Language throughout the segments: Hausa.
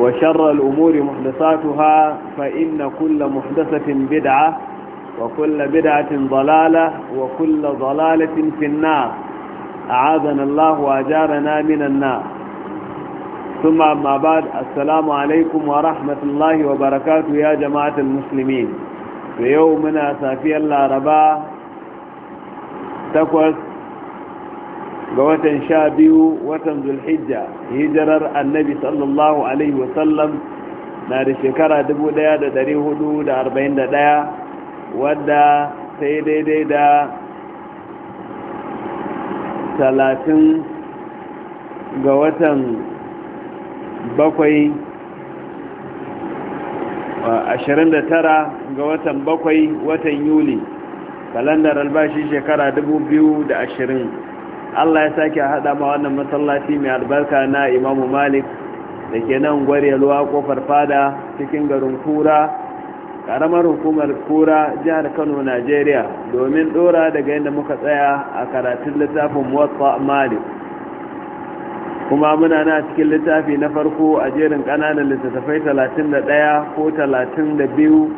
وشر الأمور محدثاتها فإن كل محدثة بدعة وكل بدعة ضلالة وكل ضلالة في النار أعاذنا الله وأجارنا من النار ثم أما بعد السلام عليكم ورحمة الله وبركاته يا جماعة المسلمين في يومنا سافي الله رباه تقوى ga watan sha biyu watan zulhijja hijirar annabi sallallahu alaihi wasallam na da shekara 1441 wadda sai daidai da 30 ga watan bakwai 29 ga watan bakwai watan yuli kalandar albashi shekara 2020 Allah ya sake haɗa ma wannan masallaci mai albarka na imamu malik da ke nan luwa kofar fada cikin garin kura ƙaramar hukumar kura jihar kano Najeriya domin ɗora daga yadda muka tsaya a karatun littafin muwatta malik kuma muna na cikin littafi na farko a jerin ƙananan littattafai 31 ko 32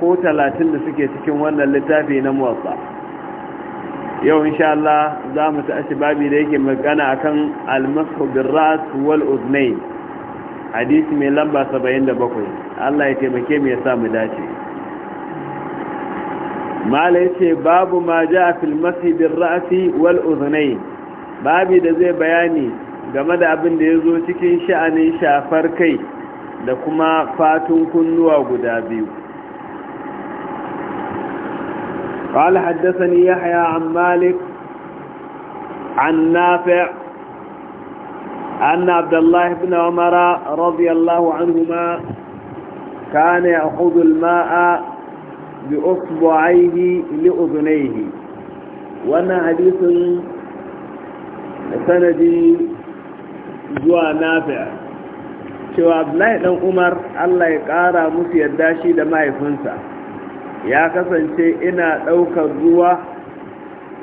ko 30 da suke cikin wannan littafi na muwatta yau insha Allah za mu tashi babi da yake magana akan almasu birras wal hadisi mai lamba 77 Allah ya taimake mu ya sa mu dace mala ce babu ma ja fil mashi birrasi wal babi da zai bayani game da abin da ya zo cikin sha'anin shafar kai da kuma fatun kunnuwa guda biyu قال حدثني يحيى عن مالك عن نافع أن عبد الله بن عمر رضي الله عنهما كان يأخذ الماء بأصبعيه لأذنيه وأن حديث sanadi zuwa nafi'a cewa abdullahi dan umar allah ya kara musu yadda shi da mahaifinsa ya kasance ina ɗaukar ruwa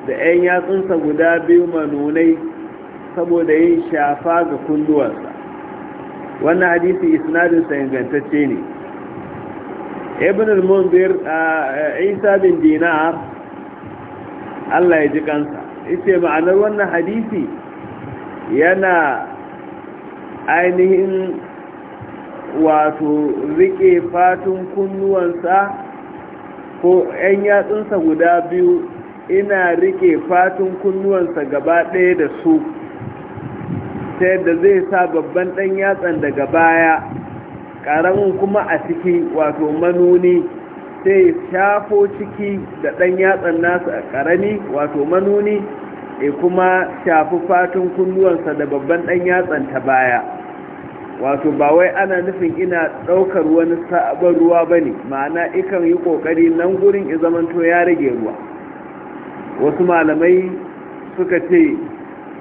da 'yan yatsunsa guda biyu manunai saboda yin shafa ga kunduwarsa wannan hadisi isnadinsa ingantacce ne ibn al a isa bin dinar allah ya ji kansa ita ma'anar wannan hadisi yana ainihin wato rike fatun kunnuwansa ko 'yan yatsunsa guda biyu ina rike fatun kunnuwansa gaba ɗaya da su ta yadda zai sa babban ɗan yatsan daga baya ƙaramin kuma a ciki wato manuni sai shafo ciki da ɗan yatsan nasu a ƙarami wato manuni e kuma shafi fatun kunnuwansa da babban ɗan yatsan ta baya wato ba wai ana nufin ina ɗaukar wani sabon ruwa ba ne ma'ana ikan yi ƙoƙari nan gurin izamanto ya rage ruwa wasu malamai suka ce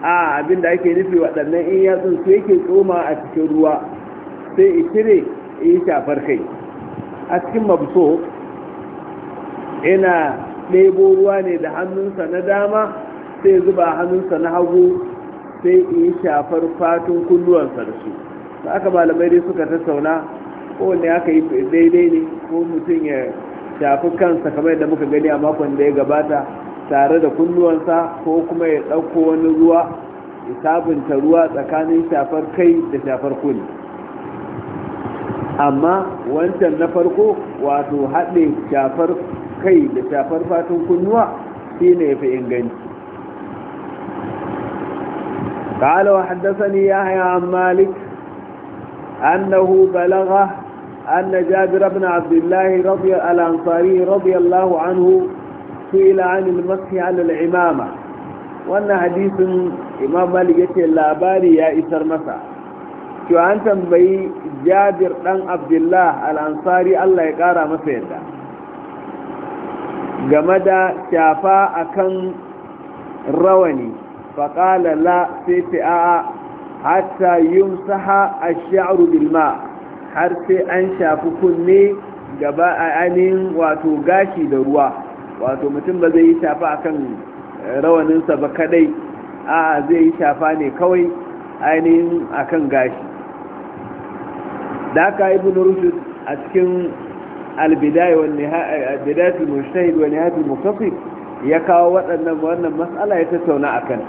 a abinda ake nufi waɗannan in yatsun su yake tsoma a cikin ruwa sai ikire in yi shafar kai a cikin mabso ina ɗebo ruwa ne da hannunsa na dama sai zuba hannunsa na hagu sai in yi shafar fatun kulluwansa da su da aka malamai dai suka tattauna kowanne aka yi daidai ne ko mutum ya shafi kansa kamar yadda muka gani a makon da ya gabata tare da kunnuwansa ko kuma ya ɗauko wani ruwa ya sabunta ruwa tsakanin shafar kai da shafar kuni amma wancan na farko wato haɗe shafar kai da shafar fatan kunnuwa shi ne fi inganci قال وحدثني يحيى عن مالك أنه بلغه أن جابر بن عبد الله رضي الأنصاري رضي الله عنه سئل عن المسح على العمامة وأن حديث إمام مالك يتي اللاباري يا إسر مسح شو أن تنبي جابر بن عبد الله الأنصاري الله يقارى مسيدا جمد شافا أكن rawani faƙala la sai ta a hatta yin saha a bil ma har sai an shafi kunne gaba ainihin wato gashi da ruwa wato mutum ba zai yi shafa kan eh, rawaninsa ba kadai a zai yi shafa ne kawai ainihin akan gashi da ibn rushd a cikin albidaya wani bidatul mujtahid wa eh, nihayatul ya kawo waɗannan wannan mas'ala ya tattauna kan.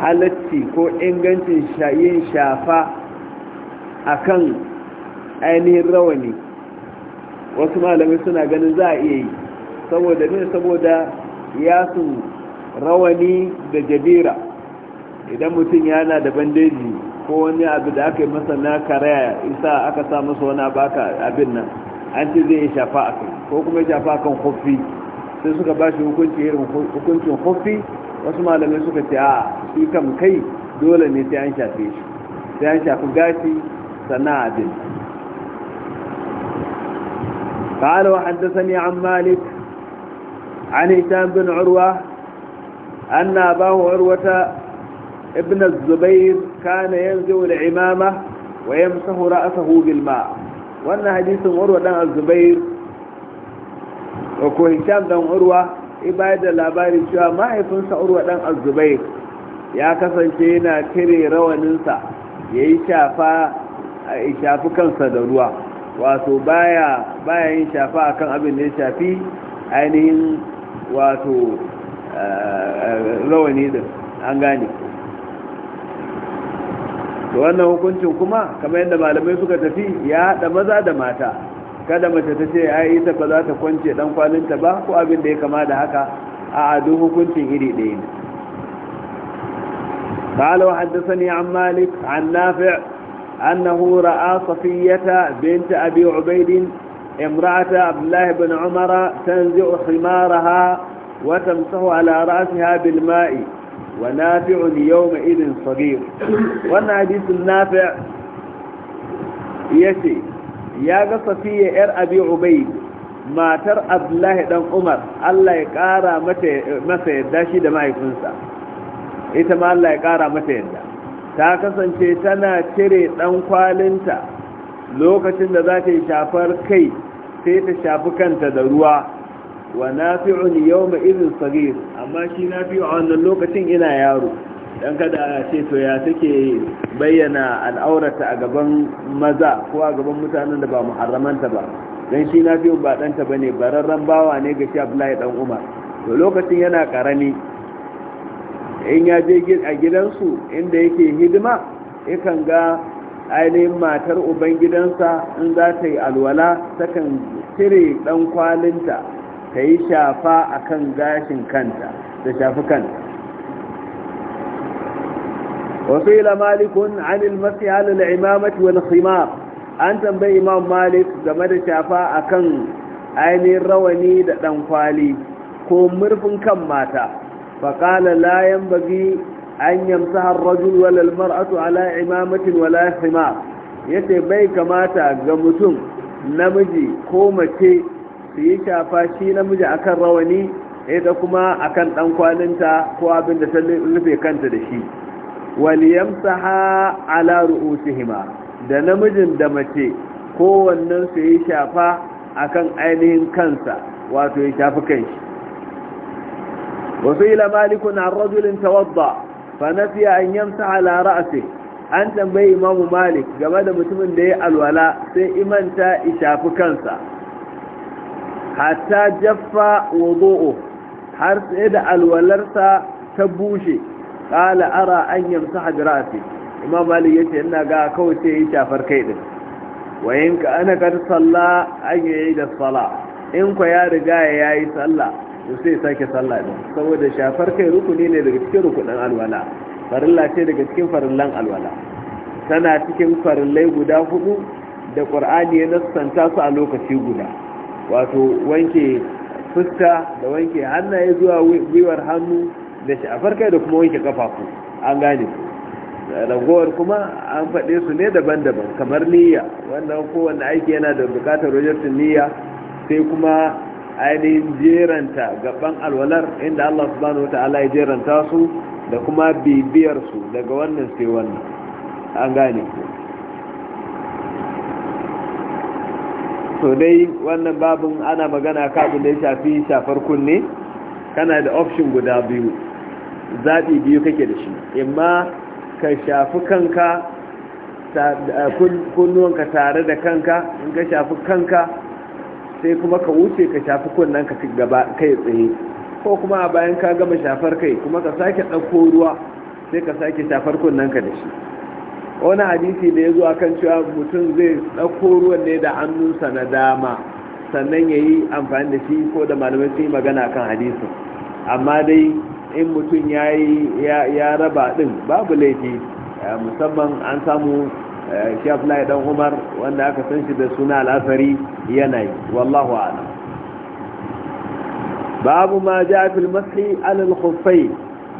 halatti ko ingancin yin shafa a kan ainihin rawani wasu malamai suna ganin za a iya yi saboda ne saboda yasun rawani da jabira idan mutum yana da bandeji ko wani abu da aka yi masa na karaya isa aka sa masa wani baka abin nan an ce zai shafa a kai ko kuma shafa kan kofi sai suka ba shi hukuncin hukuncin kofi wasu malamai suka ce a shi kam kai dole ne sai an shafe shi sai an shafi gashi sannan abin قال وحدثني عن مالك عن هشام بن عروة أن أباه عروة ابن الزبير كان ينزل العمامة ويمسح رأسه بالماء وأن حديث عروة عن الزبير وكو هشام بن عروة ya da labari cewa mahaifinsa urwa ɗan azubai ya kasance yana kire rawaninsa ya yi shafi kansa da ruwa wato baya yin shafa kan abin da ya shafi ainihin wato eh, rawani da an gane wannan hukuncin kuma kamar yadda malamai suka tafi ya haɗa maza da mata kada mace ta ce ai ita ba za ta kwance dan kwalinta ba ko abin da ya kama da haka a adu hukuncin iri ɗaya ne قال وحدثني عن مالك عن نافع أنه رأى صفية بنت أبي عبيد امرأة عبد الله بن عمر تنزع خمارها وتمسح على رأسها بالماء ونافع يومئذ صغير والحديث النافع يشي ya ga safiya yar abi ubay matar abdullahi dan umar allah ya kara masa yadda shi da mahaifinsa ita ma allah ya kara mata yadda ta kasance tana cire dan kwalinta lokacin da za ta yi shafar kai sai ta shafi kanta da ruwa wa nafi'un yawma idhin saghir amma shi nafi'un a wannan lokacin ina yaro dan kada ce to ya take bayyana al'aurata a gaban maza ko a gaban mutanen da ba muharramanta ba dan shi na fiye ba ɗanta ba ne bararren bawa ne ga shi abdullahi dan umar to lokacin yana karami in ya je a gidansu inda yake hidima yakan ga ainihin matar uban gidansa in za ta yi alwala takan cire ɗan kwalinta ta yi shafa a kan gashin kanta da shafi kanta وقيل مالك عن المسيح على العمامة والخمار أنت بي إمام مالك زمد شافاء كان عين الرواني دنفالي كوم مرف كم ماتا فقال لا ينبغي أن يمسح الرجل ولا المرأة على عمامة ولا خمار بي كماتا قمتم نمجي كومتي في شافاء شي نمجي shi namiji إذا كما ita kuma akan dan kwalinta ko abin da waliyamsaha ala ru'usihima da namijin da mace kowannen su yi shafa akan ainihin kansa wato ya shafi kanshi wasu ila malikun an rajulin tawadda fa nasiya an yamsaha ala ra'si an tambayi imamu malik game da mutumin da ya alwala sai imanta ya shafi kansa hatta jaffa wudu'u har sai da alwalarsa ta bushe qala ara an yamsaha bi imam malik yace ina ga kawai ce yi shafar kai din wa ka ana salla an yi da sala in ko ya riga ya yi salla to sai sake salla din saboda shafar kai rukuni ne daga cikin rukunin alwala farilla ce daga cikin farillan alwala tana cikin farillai guda hudu da qur'ani ya nassanta su a lokaci guda wato wanke fuska da wanke hannaye zuwa gwiwar hannu da shi a kai da kuma wanke kafafu an gane ragowar kuma an faɗe su ne daban-daban kamar niyya wannan kowane aiki yana da bukatar wajen niyya sai kuma ainihin jeranta gaban alwalar inda Allah subhanahu wa ta'ala ya jeranta su da kuma bibiyar su daga wannan sai wannan an gane so dai wannan babin ana magana kafin da ya shafi shafar kunne kana da option guda biyu zaɓi biyu kake da shi imma ka shafi kanka kunnuwanka tare da kanka in ka shafi kanka sai kuma ka wuce ka shafi kunnanka gaba kai tsaye ko kuma a bayan ka gama shafar kai kuma ka sake ɗauko ruwa sai ka sake shafar kunnanka da shi wani hadisi da ya zo kan cewa mutum zai ɗauko ruwan ne da hannunsa na dama sannan ya yi amfani da shi ko da malamai su yi magana kan hadisin amma dai in mutum ya raba ɗin babu laifi eh, musamman an samu eh, shaf lai dan umar wanda aka san shi da suna al'asari yanayi wallahu ala babu ma ja fil alal khuffai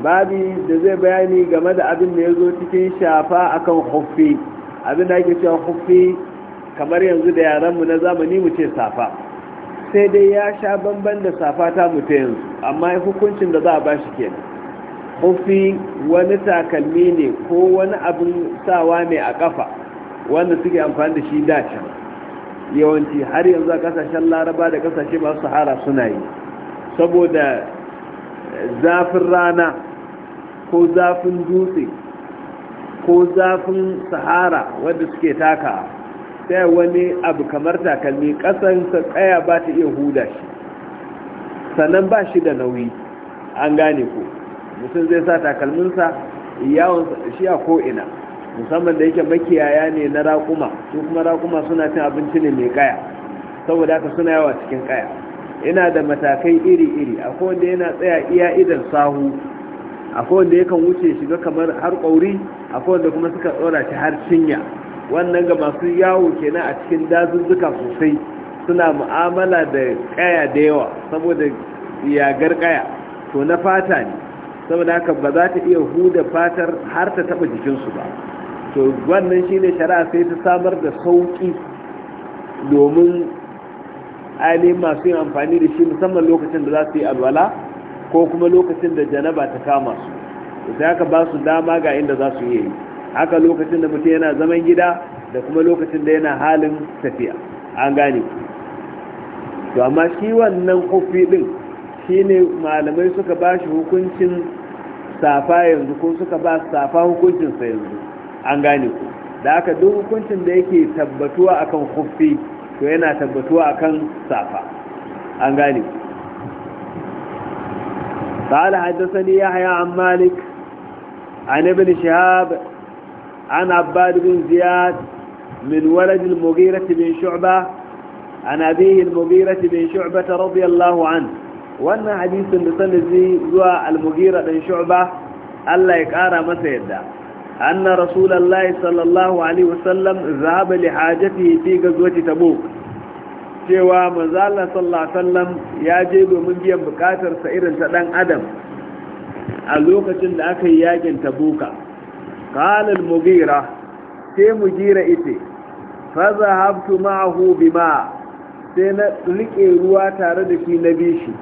babi da zai bayani game da abin da ya zo cikin shafa akan khuffi abin da ake cewa khuffi kamar yanzu da mu na zamani mu ce safa sai dai ya sha bamban da safa ta mutu yanzu amma hukuncin da za a bashi ke hufi wani takalmi ne ko wani abin sawa ne a ƙafa wanda suke amfani da shi dacen yawanci har yanzu a kasashen laraba da ƙasashe masu sahara suna yi saboda zafin rana ko zafin dutse ko zafin sahara wanda suke takawa sai wani abu kamar takalmi sa tsaya ba ta iya huda shi sannan ba shi da nauyi an gane ko mutum zai sa takalminsa yawon shi a ko'ina musamman da yake makiyaya ne na raƙuma su kuma raƙuma suna cin abinci ne mai kaya saboda haka suna yawa cikin kaya ina da matakai iri-iri akwai wanda yana tsaya iya idan sahu akwai wanda yakan wuce shiga kamar har ƙauri akwai wanda kuma suka tsora shi har cinya wannan ga masu yawo kenan a cikin dazuzzuka sosai suna mu'amala da kaya da yawa saboda yagar kaya to na fata ne saboda haka ba za ta iya huda fatar har ta taba jikinsu ba to wannan shine shari'a sai ta samar da sauki domin ainihin masu yin amfani da shi musamman lokacin da za su yi alwala ko kuma lokacin da janaba ta kama su sai haka ba su dama ga inda za su yi haka lokacin da mutum yana zaman gida da kuma lokacin da yana halin tafiya an gane to amma shi wannan kofi din shine malamai suka ba shi hukuncin safa yanzu ko suka ba safa hukuncin sa yanzu an gane ku da haka duk hukuncin da yake tabbatuwa akan kofi to yana tabbatuwa akan safa an gane ku قال حدثني يحيى عن مالك عن ابن شهاب عن عباد بن زياد من ولد المغيرة بن شعبة عن أبيه المغيرة بن شعبة رضي الله عنه وأن حديث لسنزي زوى المغيرة بن شعبة ألا يكارى مسيدا أن رسول الله صلى الله عليه وسلم ذهب لحاجته في غزوة تبوك cewa manzala sallallahu alaihi wasallam ya je domin biyan bukatar sa irin ta dan adam a lokacin da aka yi yakin tabuka qalal mugira sai mugira ite fa zahabtu ma'ahu bima sai na rike ruwa tare da shi na bishi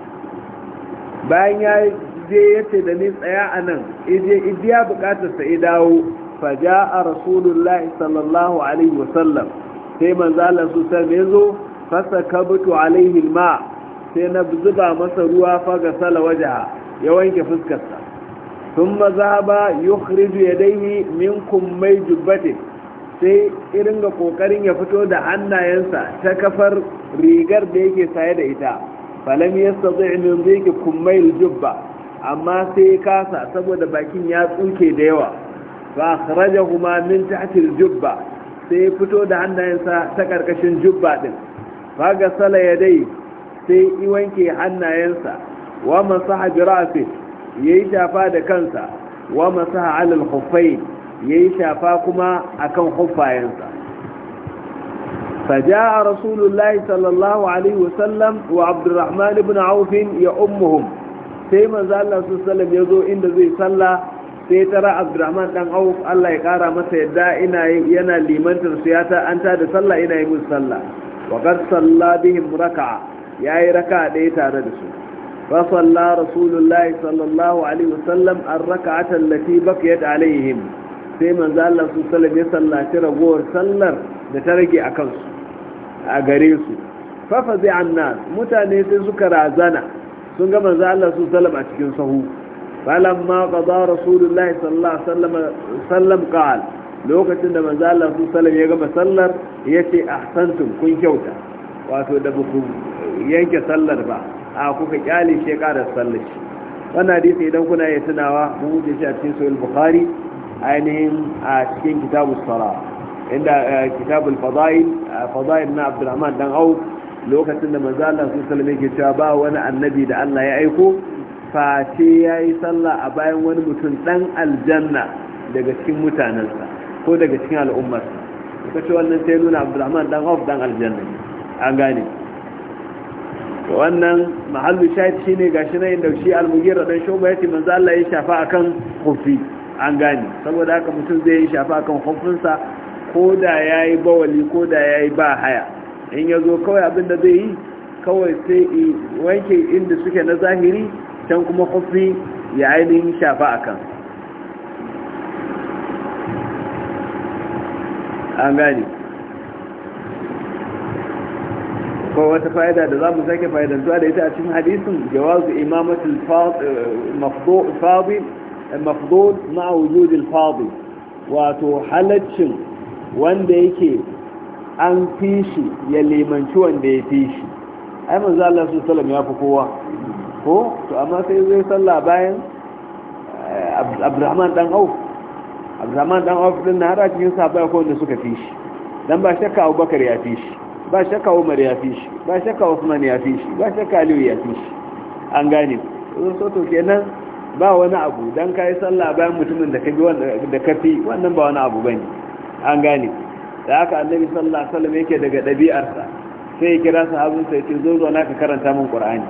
bayan ya je ce da ni tsaya a nan idiya bukatar sa ya dawo fa ja'a rasulullah sallallahu alaihi sai manzalan su sai me zo fasa kabtu alaihi ma sai na zuba masa ruwa fa ga sala wajaha ya wanke fuskarsa ثم mazaba يخرج يديه min kummai جبته sai irin ga kokarin ya fito da hannayensa ta kafar rigar da yake saye da ita falam yastati min dhiki kummai jubba amma sai kasa saboda bakin ya tsuke da yawa fa akhrajahuma min tahti jubba sai fito da hannayensa ta karkashin jubba din fa gasala yadayhi sai iwanke hannayensa wa masaha bi Yayi shafa da kansa wa masu ha'alin hufai ya yi shafa kuma akan hufayensa fajaha a rasulullahi sallallahu alaihi wasallam wa abdurrahman ibn aufin ya ummuhum sai manzo ya zo inda zai salla sai tara abdurrahman Ɗan auf Allah ya ƙara masa yadda ina yana limantar an ta da sallah ina yi musu sallah wa qad salla bihim raka'a yayi raka'a ɗaya tare da su فصلى رسول الله صلى الله عليه وسلم الركعة التي بقيت عليهم sai manzo Allah su sallam ya sallaci ragowar sallar da ta rage a kansu a gare su fa fazi mutane sai suka razana sun ga manzo Allah su sallam a cikin sahu falamma qada rasulullahi sallallahu alaihi wasallam sallam qal lokacin da manzo Allah su sallam ya gama sallar yace ahsantum kun kyauta wato da buku yanke sallar ba a kuka kyale shi ya ƙara sallar wannan hadisi idan kuna ya tunawa mun wuce shi a cikin sahih bukhari ainihin a cikin kitabus sara inda eh, kitabul fadail eh, fadail na abdurrahman dan au lokacin da manzo Allah sallallahu alaihi wasallam yake cewa ba wani annabi da Allah ya aiko fa ya yi sallah a bayan wani mutum ɗan aljanna daga cikin mutanensa ko daga cikin al'ummar sa kace wannan sai nuna Abdurrahman dan au ɗan aljanna an gane wannan mahallu shahid shine gashi na inda shi al dan shoba yace manzo Allah ya shafa akan kufi an gane saboda haka mutum zai yi shafa akan kufinsa ko da yayi bawali ko da yayi ba haya in ya zo kawai da zai yi kawai sai wanke inda suke na zahiri can kuma kufi ya ainihin shafa akan an gani ko wata fa'ida da za mu sake fa'idantuwa da ita a cikin hadisin jawazu imamatul fadil mafdud ma wujudil fadil wato halaccin wanda yake an fi shi ya limanci wanda ya fi shi ai manzo Allah su sallam ya fi kowa ko to amma sai zai salla bayan eh, Abdurrahman dan Auf Abdurrahman dan Auf din na cikin sahabbai ko wanda suka fi shi dan ba shakka Abubakar ya fi shi ba shakka umar ya fi shi ba shakka usman ya fi shi ba shakka aliyu ya fi shi an gane ko. so to kenan ba wani abu dan kai sallah bayan mutumin da kabi wanda da kafi wannan ba wani abu bane an gane da haka annabi sallallahu alaihi wasallam yake daga dabi'arsa sai ya kira sahabin sai ce zo zo na ka karanta min qur'ani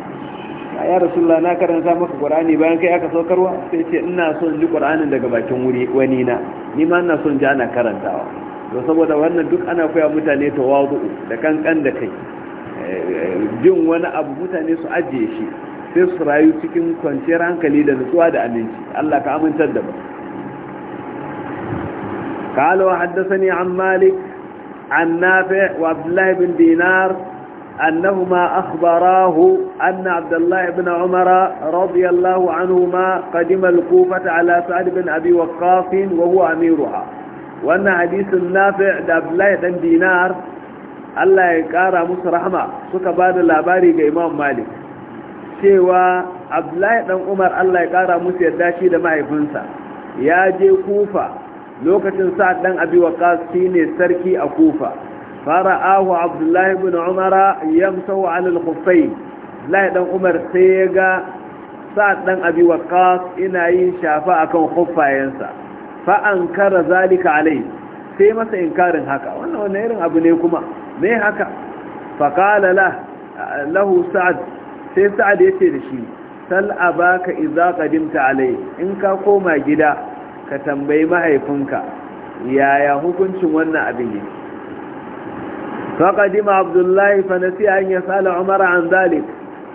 ya rasulullah na karanta maka qur'ani bayan kai aka saukarwa sai ce ina son ji qur'anin daga bakin wuri wani na ni ma ina son ji ana karantawa to saboda wannan duk ana koya mutane tawadu da kankan da kai jin wani abu mutane su ajiye shi sai su rayu cikin kwanciyar hankali da nutsuwa da aminci Allah ka amintar da mu قال وحدثني عن مالك عن نافع وعبد الله بن دينار أنهما أخبراه أن عبد الله بن عمر رضي الله عنهما قدم الكوفة على سعد بن أبي وقاص وهو أميرها wannan hadisin nafi da abdullahi dan dinar Allah ya kara musu rahama suka ba da labari ga imam malik cewa abdullahi dan umar Allah ya kara musu yadda shi da mahaifinsa ya je kufa lokacin sa'ad dan abi waqas shine sarki a kufa fara'ahu abdullahi ibn umara yamsahu 'ala al abdullahi dan umar sai ya ga sa'ad dan abi waqas ina yin shafa akan khuffayensa fa kara zalika alai sai masa inkarin haka wannan wannan irin abu ne kuma me haka fa lahu sa'ad sai sa'ad yace da shi sal abaka idza qadimta alai in ka koma gida ka tambayi mahaifinka yaya hukuncin wannan abin ne فقدم Abdullahi الله فنسي أن يسأل umar an zalik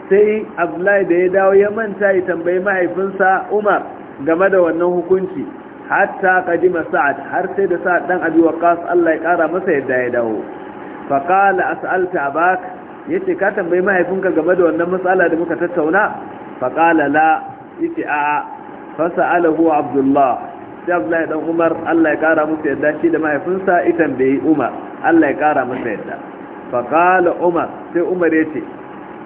sai abdullahi da ya dawo ya manta ya tambayi mahaifinsa umar game da wannan hukunci hatta kadima sa'ad har sai da sa'ad dan abi waqas Allah ya kara masa yadda ya dawo fa qala as'alta abak yace ka tambayi mahaifinka game da wannan matsala da muka tattauna fa qala la yace a fa sa'alahu abdullah sai Abdullahi dan Umar Allah ya kara masa yadda shi da mahaifinsa i tambayi Umar Allah ya kara masa yadda fa qala Umar sai Umar yace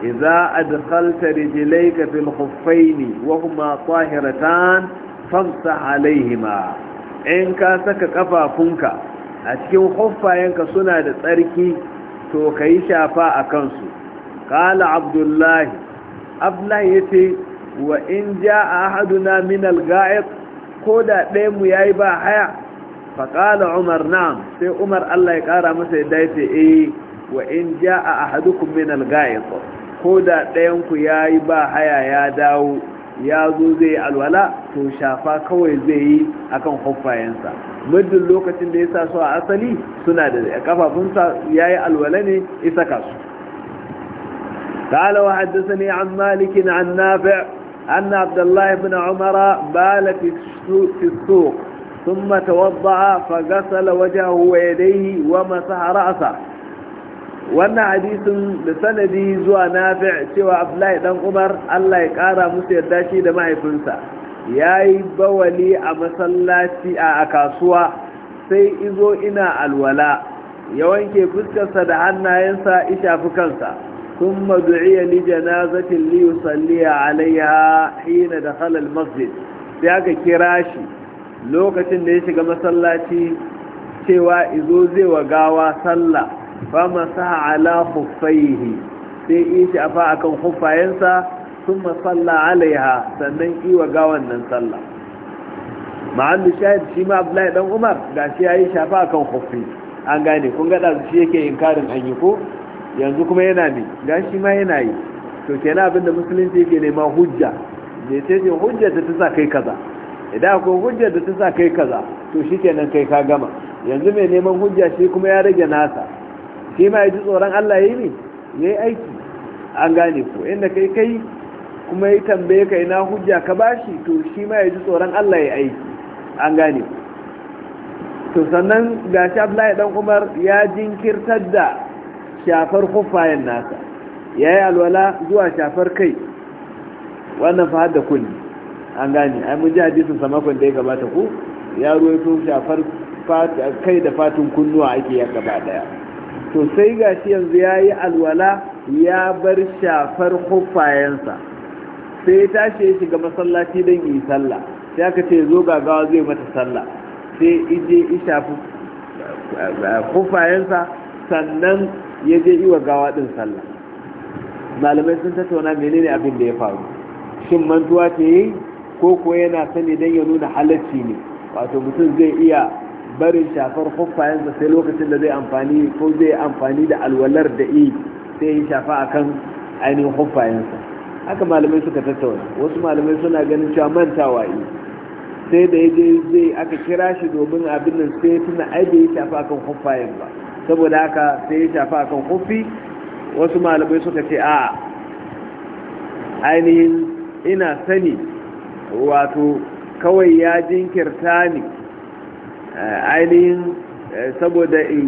idza adkhalta rijlayka fil khuffayn wa huma tahiratan famsa alaihima in ka saka kafafunka a cikin huffayenka suna da tsarki to ka yi shafa a kansu kala abdullahi abdullahi ya ce wa in ja a haduna min alga'ib ko da ɗayanmu ya yi ba haya faƙala umar na'am sai umar allah ya ƙara masa ya dace eh wa in ja a ahadukum min alga'ib ko da ɗayanku ya yi ba haya ya dawo ya zo zai yi alwala to shafa kawai zai yi akan hufayensa muddin lokacin da ya sa su a asali suna da Ƙafafunsa ya yi alwala ne isa ka su ƙalawa haddasa an malikin an nafi an na abdullahi bin umara ba la fito sun mata wadda a fagasa la waje huwa ya dai wa masu hara'asa wannan hadisin da sanadi zuwa nafi cewa abdullahi dan umar allah ya kara musu yarda shi da mahaifinsa ya yi bawali a masallaci a kasuwa sai izo ina alwala ya wanke fuskarsa da hannayensa fi kansa janazatin دعي لجنازة ليصلي hina da halal masjid sai aka kira shi lokacin da ya shiga masallaci cewa izo zai wa gawa sallah فمسح ala خفيه sai yi shafa akan hufayensa sun masalla alaiha sannan iwa ga wannan nan sallah ma'allu shahid shi ma abdullahi dan umar ga shi ya yi shafa akan hufi an gane kun gada shi yake inkarin an yi ko yanzu kuma yana ne ga shi ma yana yi to kenan abinda musulunci yake nema hujja ne ce ce hujjar da ta sa kai kaza idan akwai hujjar da ta sa kai kaza to shi kenan kai ka gama yanzu mai neman hujja shi kuma ya rage nasa shi ma ya ji tsoron Allah ya yi ne ya yi aiki an gane ko inda kai kai kuma ya tambaye ka ina hujja ka bashi to shi ma ya ji tsoron Allah ya yi aiki an gane ko to sannan ga shi Abdullahi dan Umar ya jinkirtar da shafar kufayen nasa ya yi alwala zuwa shafar kai wannan fa hadda kulli an gane ai mun ji hadisin sa makon da ya gabata ku ya ruwaito shafar kai da fatun kunnuwa ake ya gaba daya to sai ga yanzu ya yi alwala ya bar shafar hufayensa sai ya tashi ya shiga masallaci don yi sallah sai aka ce zo gagawa zai mata sallah sai ije ya shafi eh, eh, hufayensa sannan ya je wa gawa din sallah malamai sun tattauna menene abin da ya faru shin mantuwa ce yi ko kuwa yana sani don ya nuna halacci ne wato mutum zai iya barin shafar huffayensa sai lokacin da zai amfani ko zai amfani da alwalar da i sai ya shafa akan ainihin huffayensa haka malamai suka tattauna wasu malamai suna ganin cewa mantawa yi sai da ya je zai aka kira shi domin abin nan sai tuna ai bai shafa akan huffayen ba saboda haka sai ya shafa akan kofi wasu malamai suka ce a ainihin ina sani wato kawai ya jinkirta ne ainihin eh, saboda in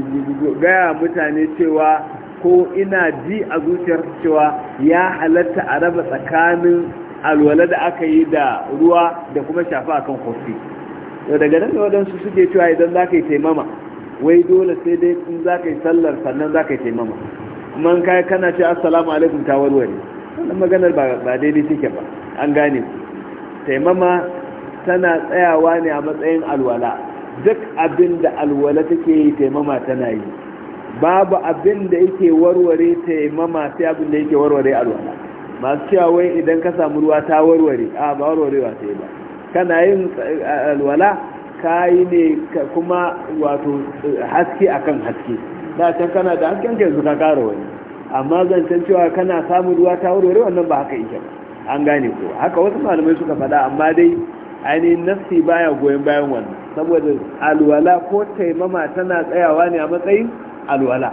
gaya mutane cewa ko ina ji a zuciyar cewa ya halatta a raba tsakanin alwala da aka yi da ruwa da kuma shafa akan kofi daga nan da waɗansu suke cewa idan za ka yi taimama wai dole sai dai in za ka yi sallar sannan za ka yi taimama man kai kana ce assalamu alaikum ta warware wannan maganar ba daidai take ba an gane taimama tana tsayawa ne a matsayin alwala duk abin da alwala take yi taimama tana yi babu abin da yake warware taimama sai abin da yake warware alwala masu cewa wai idan ka samu ruwa ta warware a ba warware ta sai ba kana yin eh, alwala ka yi ne kuma wato eh, haske akan haske da can kana da hasken ka suka kara wani amma zancen cewa kana samun ruwa ta warware wannan ba haka yake ba an gane ko haka wasu malamai suka faɗa amma dai ainihin nafsi baya goyon bayan wannan saboda alwala ko taimama tana tsayawa ne a matsayin alwala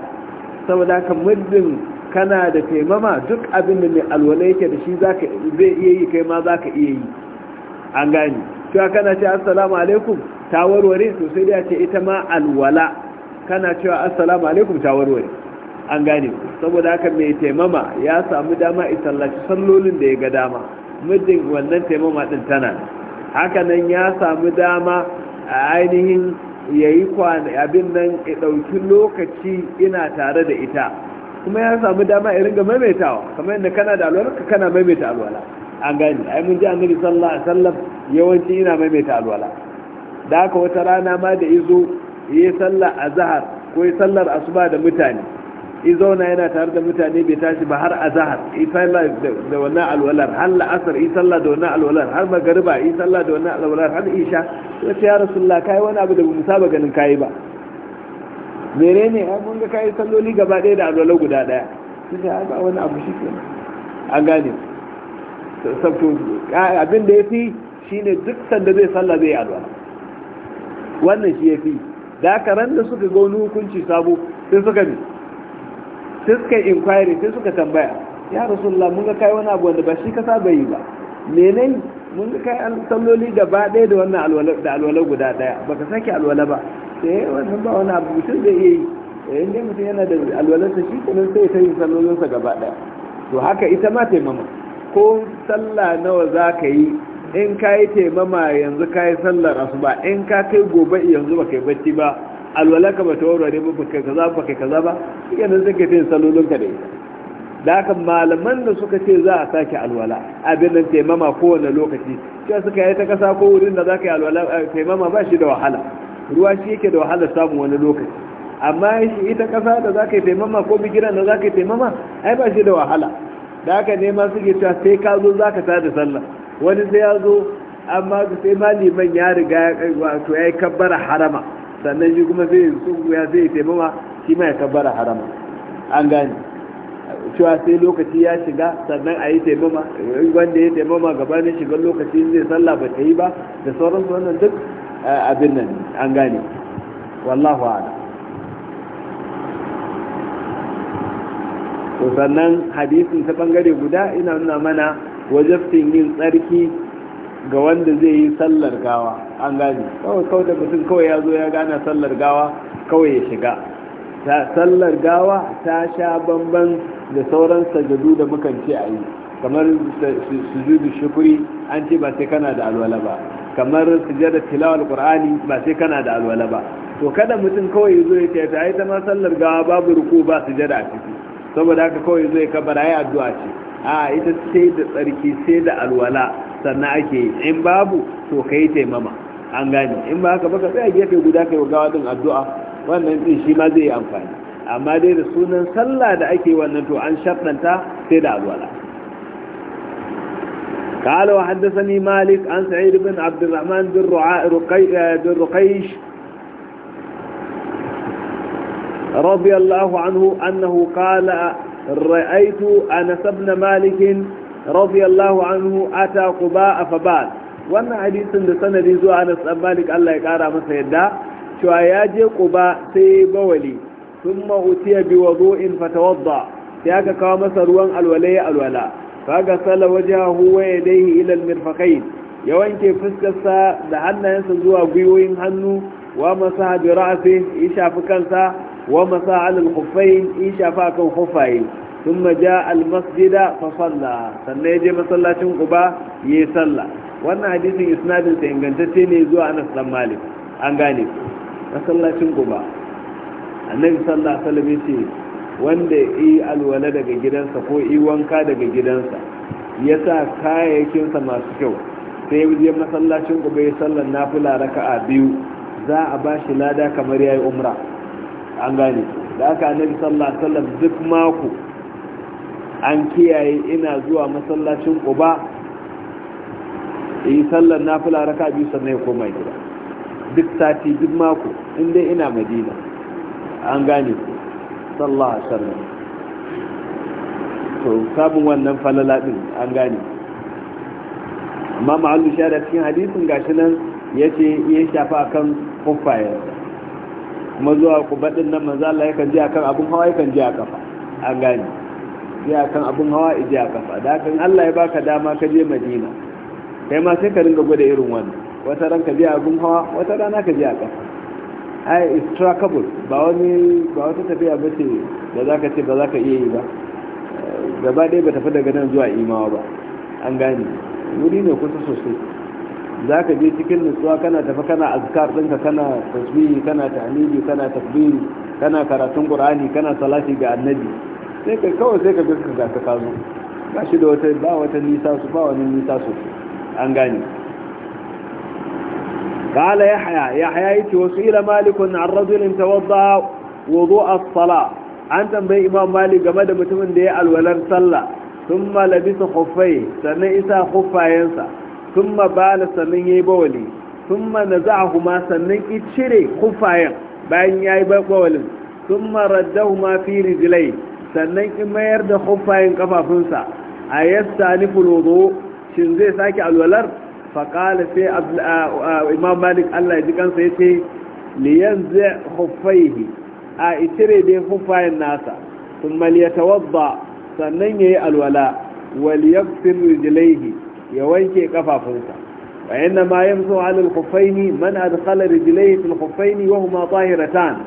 saboda haka muddin kana da taimama duk abin da mai alwala yake da shi zai iya yi kai ma za ka iya yi an gani cewa kana ce assalamu alaikum ta warware to sai dai ce ita ma alwala kana cewa assalamu alaikum ta warware an gane saboda haka mai taimama ya samu dama isallaci sallolin da ya ga dama muddin wannan taimama din tana haka nan ya samu dama a ainihin ya yi abin nan ya ɗauki lokaci ina tare da ita kuma ya samu dama irin ga maimaitawa kamar yadda kana da alwala ka kana maimaita alwala an gani ai mun ji annabi sallallahu alaihi wasallam yawanci ina maimaita alwala da haka wata rana ma da izo yi sallar azhar ko ya sallar asuba da mutane i yana tare da mutane bai tashi ba har azahar i sallah da wannan alwalar har la'asar i sallah da wannan alwalar har magariba i sallah da wannan alwalar har isha sai ce ya rasulullah kai wani abu da musa saba ganin kai ba menene ai mun ga kai salloli gaba ɗaya da alwalar guda ɗaya sai ya ba wani abu shi ke an gane sabto abin da yafi shine duk sanda zai salla zai alwala wannan shi yafi da aka ran da suka ga wani hukunci sabo sai suka ne sai suka yi inquiry sai suka tambaya ya rasulullah mun ga kai wani abu wanda ba shi ka saba yi ba menene mun ga kai salloli gaba ɗaya da wannan alwala da alwala guda ɗaya baka sake alwala ba sai eh, wannan ba wani abu mutum zai iya yi yayin eh, da mutum yana da alwalarsa shi kuma sai ta yi sallolinsa gaba ɗaya to haka ita ma taimama ko sallah nawa za ka yi in ka yi taimama yanzu ka yi sallar asuba in ka kai gobe yanzu ba yi bacci ba alwala ka bata ne ba baka kaza ba kai kaza ba kenan nan ka fiye salolin ka da ita da haka malaman da suka ce za a sake alwala abin nan taimama kowane lokaci shi suka yi ta kasa ko wurin da za ka yi alwala eh, taimama ba shi da wahala ruwa shi yake da wahala samun wani lokaci amma shi ita kasa da za ka yi taimama ko bigiran da za ka yi taimama ai ba shi da wahala da haka nema suke cewa sai ka zo za ka ta da sallah wani sai ya zo amma sai ma liman ya riga wato ya yi kabbara harama sannan shi kuma zai sun ya zai taimama shi ma ya kabbara harama an gane cewa sai lokaci ya shiga sannan a yi taimama wanda ya taimama gabanin shigar lokaci zai sallah ba ta yi ba da sauransu wannan duk abin nan an gane wallahu ala to sannan hadisin ta bangare guda ina nuna mana wajabtin yin tsarki ga wanda zai yi sallar gawa an gane kawai kawai da mutum kawai ya zo ya gana sallar gawa kawai ya shiga sallar gawa ta sha bamban da sauran sajadu da mukan ce a yi kamar sujudu shukuri an ce ba sai kana da alwala ba kamar sujada tilawar qur'ani ba sai kana da alwala ba to kada mutum kawai zo ya ce ta yi ta ma sallar gawa babu ruku ba sujada a ciki saboda haka kawai zo ya kabara ya addu'a ce a ita sai da tsarki sai da alwala sannan ake yi in babu to kai taimama an gane in ba haka baka tsaya gefe guda kai wa gawa din addu'a wannan din shi ma zai yi amfani amma dai da sunan sallah da ake wannan to an shartanta sai da azwala قال وحدثني مالك عن سعيد بن عبد الرحمن بن رقيش رضي الله عنه أنه قال رأيت أنس بن مالك رضي الله عنه أتى قباء فبال wannan hadisin da sanadi zuwa Anas dan Malik Allah ya kara masa yadda cewa ya je Quba sai bawali thumma utiya bi wudu'in fatawadda sai aka kawo masa ruwan alwalai alwala kaga sala wajahu wa yadayhi ila almirfaqain ya wanke fuskarsa da hannayensa zuwa gwiwoyin hannu wa masaha bi ra'si ya shafi kansa wa masaha ala alkhuffain ya shafa kan khuffaye thumma jaa almasjida fa salla sannan ya je masallacin Quba yayi sallah wannan hadisin isnadin sa ingantacce ne zuwa Anas dan Malik an gane masallacin Quba annabi sallallahu alaihi wasallam yace wanda yi alwala daga gidansa ko yi wanka daga gidansa ya sa kayayyakinsa masu kyau sai ya je masallacin Quba ya sallar nafila raka'a biyu za a ba shi lada kamar yayi umra an gane da aka annabi sallallahu alaihi wasallam duk mako an kiyaye ina zuwa masallacin Quba yi sallar fula raka biyu sannan ya koma gida duk sati duk mako in dai ina madina an gane ku sallah a sallar to sabon wannan falala din an gane amma ma'allu da cikin hadisin gashi nan ya ce ya shafa akan kuffaye kuma zuwa kubadin nan manzo yakan ji a kan abin hawa yakan ji a kafa an gane ya kan abun hawa ije a kafa da kan Allah ya baka dama ka je Madina kai ma sai ka ringa gwada irin wannan wata ran ka biya abin hawa wata rana ka biya ƙasa ai is trackable ba wani ba wata tafiya ba ce da za ka ce ba za ka iya yi ba gaba ɗaya ba tafi daga nan zuwa imawa ba an gane wuri ne kusa sosai za ka je cikin nutsuwa kana tafi kana azkar ɗinka kana tasbihi kana tahmidi kana takbiri kana karatun qur'ani kana salati ga annabi sai ka kawai sai ka ga ka ka zo ba shi da wata ba wata nisa su ba wani nisa sosai an gani kala ya haya ya haya yi ce wasu ila malikun an rajulin tawadda wudu as-sala an tambayi imam malik game da mutumin da ya alwalar sallah thumma labisa khuffai sannan isa khuffayensa thumma bala sannan yayi bawali thumma ma sannan ki cire khuffayen bayan yayi bawalin thumma raddahuma fi rijlai sannan ki mayar da khuffayen kafafunsa ayastaniful wudu shin zai sake alwalar faƙala sai imam malik allah ya ji kansa ya ce liyan zai hufaihi a itire dai hufayen nasa sun maliyatawadda sannan ya yi alwala waliyakfir rijilaihi ya wanke kafafunsa bayan ma yamsu alal hufaini man adkhala rijilaihi fil hufaini wa huma tahiratan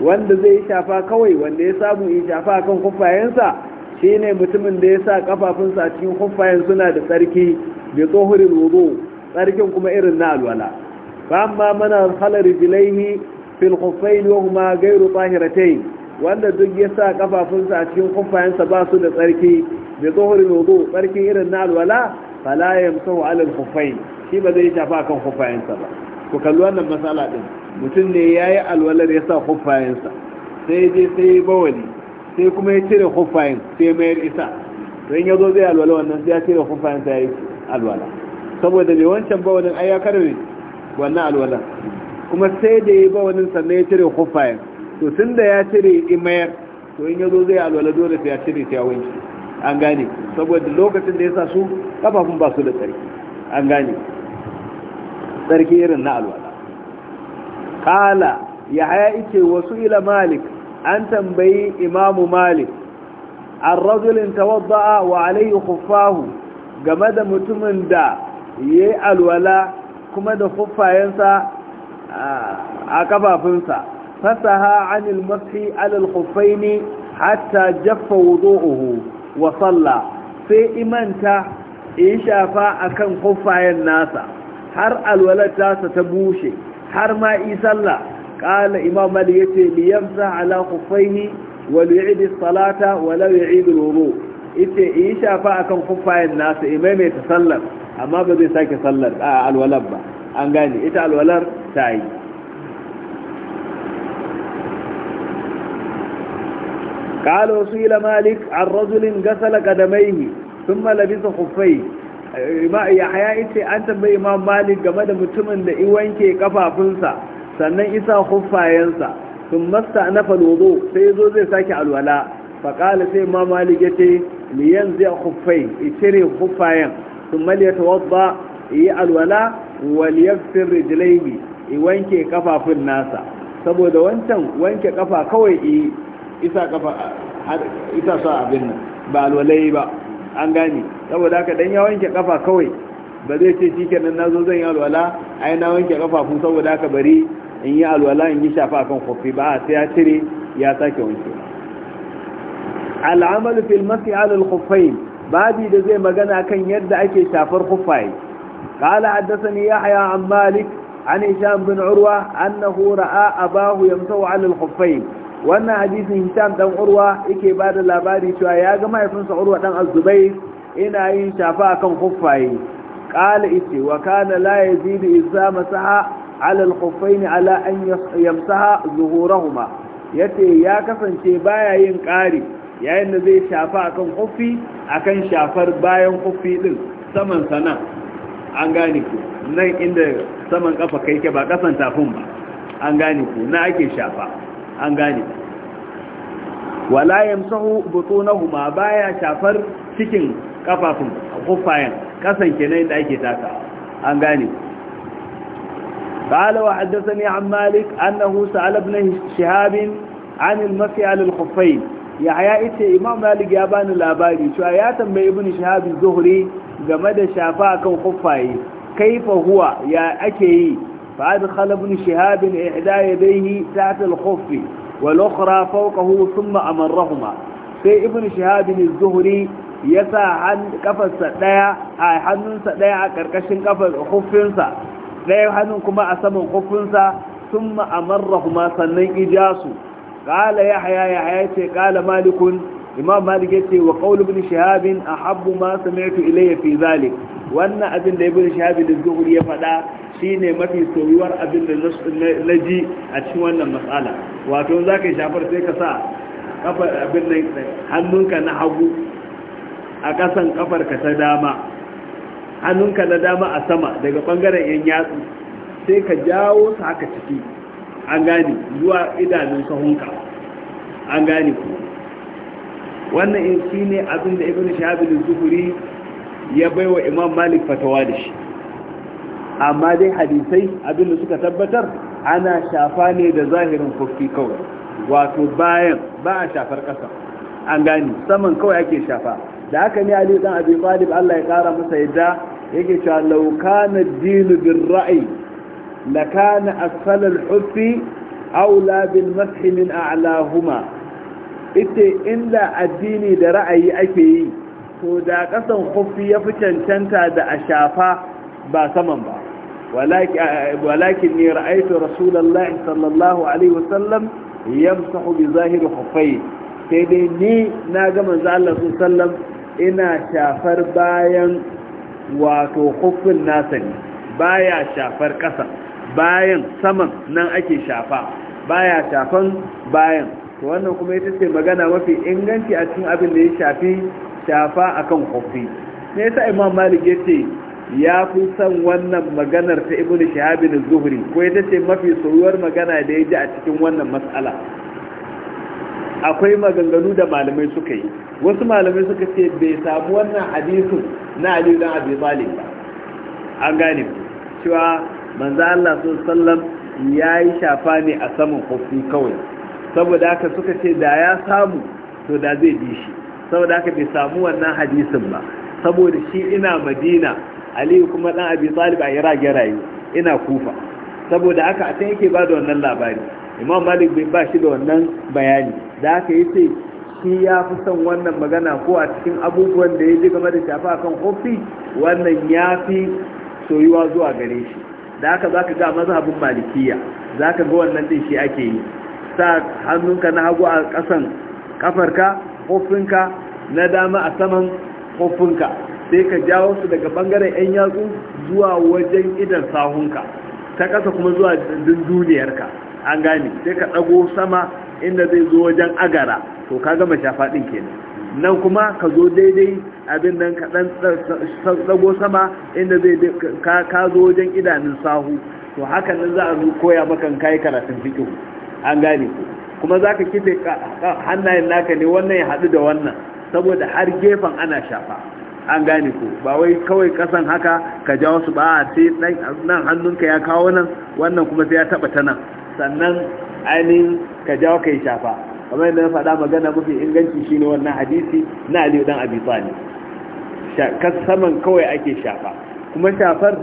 wanda zai shafa kawai wanda ya samu ya shafa kan hufayensa Shi ne mutumin da ya sa kafafunsa a cikin kufayen suna da tsarki da tsohurin wudu tsarkin kuma irin na alwala Ba amma mana halar bilaini, fil khuffayn yau huma gairu wanda duk ya sa kafafunsa a cikin kuffayensa ba su da tsarki da tsohurin wudu tsarkin irin na alwala falayen yamsahu alin al shi ba zai shafa kan kuffayensa ba ku kalli wannan matsala din mutum ne ya yi alwalar ya sa kuffayensa sai je sai bawali sai kuma ya cire hufayin sai mayar isa don ya zo zai alwala wannan sai ya cire hufayin sai ya yi alwala saboda mai wancan ba wani ayyakar ne wannan alwala kuma sai da ya ba wani sannan ya cire hufayin to tun da ya cire imayar to in ya zo zai alwala dole sai ya cire sai ya wanke an gane saboda lokacin da ya sa su kafafun ba su da tsarki an gane tsarki irin na alwala kala ya haya ike wasu ila malik an tambayi imamu malik an rajulin tawadda'a wa alayhi khuffahu game da mutumin da yayi alwala kuma da kufayensa a kafafunsa fasaha anil mashi alal khuffaini hatta jaffa wudu'uhu wa salla sai imanta ya shafa a kan kufayen nasa har alwalar tasa ta bushe har ma yi sallah qala imam malik yace li yamsa ala khuffaihi wa yu'id salata wa la yu'id al-wudu yace yi shafa akan khuffayen nasu imai mai ta sallar amma ba zai sake sallar alwalar ba an gane ita alwalar ta yi قال وسئل مالك عن رجل غسل قدميه ثم لبس خفيه يحيى yace an tambayi imam malik game da mutumin da i wanke kafafunsa sannan isa huffayensa sun masta na falozo sai zo zai sake alwala faƙala sai ma malik ce liyan zai huffai ya cire huffayen sun maliya tawadda yi alwala waliyafin rijilaihi ya wanke kafafun nasa saboda wancan wanke kafa kawai yi isa kafa sa abin nan ba alwalai ba an gane saboda haka dan ya wanke kafa kawai ba zai ce na nazo zan yi alwala ai na wanke kafafu saboda haka bari in yi alwala in yi shafa akan kofi ba a ya cire ya sake wanke al'amalu fil alal khuffain babi da zai magana kan yadda ake shafar khuffaye qala ya haya an malik an hisham bin urwa hura ra'a abahu yamsahu alal khuffain wannan hadisin hisham dan urwa yake bada labari cewa ya ga mahaifinsa urwa dan az ina yin shafa akan khuffaye qala ita wa kana la yazidu izama sa'a ala al-khuffaini ala an yamsaha zuhurahuma yace ya kasance baya yin ƙari yayin da zai shafa akan khuffi akan shafar bayan khuffi din saman sana an gane ku nan inda saman kafa kai ke ba kasan tafin ba an gane ku na ake shafa an gane wala yamsahu butunahuma baya shafar cikin kafafun khuffayen kasan kenan inda ake taka an gane ku قال وحدثني عن مالك أنه سأل ابن شهاب عن المسي على الخفين yahaya ita imam malik ya bani labari cewa ya tambayi ibnu shahab zuhri game da shafa akan kuffaye kaifa huwa ya ake yi fa adkhala ibn shahab ihda yadayhi tahta al-khuff wal ukhra fawqahu thumma amarrahuma sai ibnu shahab zuhri ya sa kafarsa daya a hannunsa ɗaya a karkashin kafar ɗaya hannun kuma a saman kofinsa sun ma'amarra kuma sannan ija su ƙala ya haya ya haya ce ƙala malikun imam malik ya ce wa ƙaunar bin shahabin a habbu ma sami'tu ilayya fi zalik wannan abin da ya bin shahabin da zuhuri ya faɗa shine mafi soyuwar abin da na ji a cikin wannan matsala wato za ka shafar sai ka sa abin hannunka na hagu a ƙasan kafarka ta dama hannunka na dama a sama daga ɓangaren yan yatsu sai ka jawo su haka ciki an gane zuwa idanun sahunka an gane ku wannan in shi ne abin da ibn shahabin zuhuri ya bai wa imam malik fatawa da shi amma dai hadisai abin da suka tabbatar ana shafa ne da zahirin kofi kawai wato bayan ba a shafar ƙasa an gane saman kawai ake shafa da haka ne ali dan abi talib Allah ya kara masa yadda yake cewa law kana ad-din bil ra'i la kana asfal al-huffi aula bil mash min a'lahuma ite inda addini da ra'ayi ake yi to da kasan huffi ya fi cancanta da a shafa ba saman ba walakin ni ra'aitu rasulullahi sallallahu alaihi wasallam yamsahu bi zahiri huffai sai dai ni na ga manzo Allah sallallahu ina shafar bayan wato hukun nasa ne baya shafar ƙasa bayan saman nan ake shafa baya shafan bayan to wannan kuma ita ce magana mafi inganci a cikin abin da ya shafi shafa akan hufi ne yasa imam malik ya ce ya fi son wannan maganar ta ibnu shahabin zuhri ko ita ce mafi soyuwar magana da ya ji a cikin wannan matsala? akwai maganganu da malamai suka yi wasu malamai suka ce bai samu wannan hadisin na aliyu dan abi ba an gane cewa manzo Allah sun sallam ya yi shafa ne a saman kofi kawai saboda haka suka ce da ya samu to da zai bi shi saboda haka bai samu wannan hadisin ba saboda shi ina madina aliyu kuma dan abu talib a yi ya ina kufa saboda haka a can yake ba da wannan labari imam malik bai ba shi da wannan bayani da aka yi sai shi ya fi son wannan magana ko a cikin abubuwan da ya ji game da shafa kan kofi wannan ya fi soyuwa zuwa gare shi da aka za ka ga mazhabin malikiya za ka ga wannan din shi ake yi sa hannunka na hagu a ƙasan kafarka kofinka na dama a saman kofinka sai ka jawo su daga bangaren 'yan yatsu zuwa wajen idan sahunka ta ƙasa kuma zuwa dunduniyarka an gane sai ka ɗago sama inda zai zo wajen agara to ka gama shafa ɗin kenan nan kuma ka zo daidai abin nan ka tsago sama inda zai ka zo wajen idanun sahu to hakan nan za a zo koya maka kayi karatun fiƙi an gane ku kuma za ka kife hannayen naka ne wannan ya haɗu da wannan saboda har gefen ana shafa an gane ku ba wai kawai kasan haka ka ja wasu ba sai ce nan hannunka ya kawo nan wannan kuma sai ya taɓa ta nan sannan ainihin ka jawo ka yi shafa kamar yadda na faɗa magana mafi inganci shi ne wannan hadisi na aliyu dan abi shakar saman kawai ake shafa kuma shafar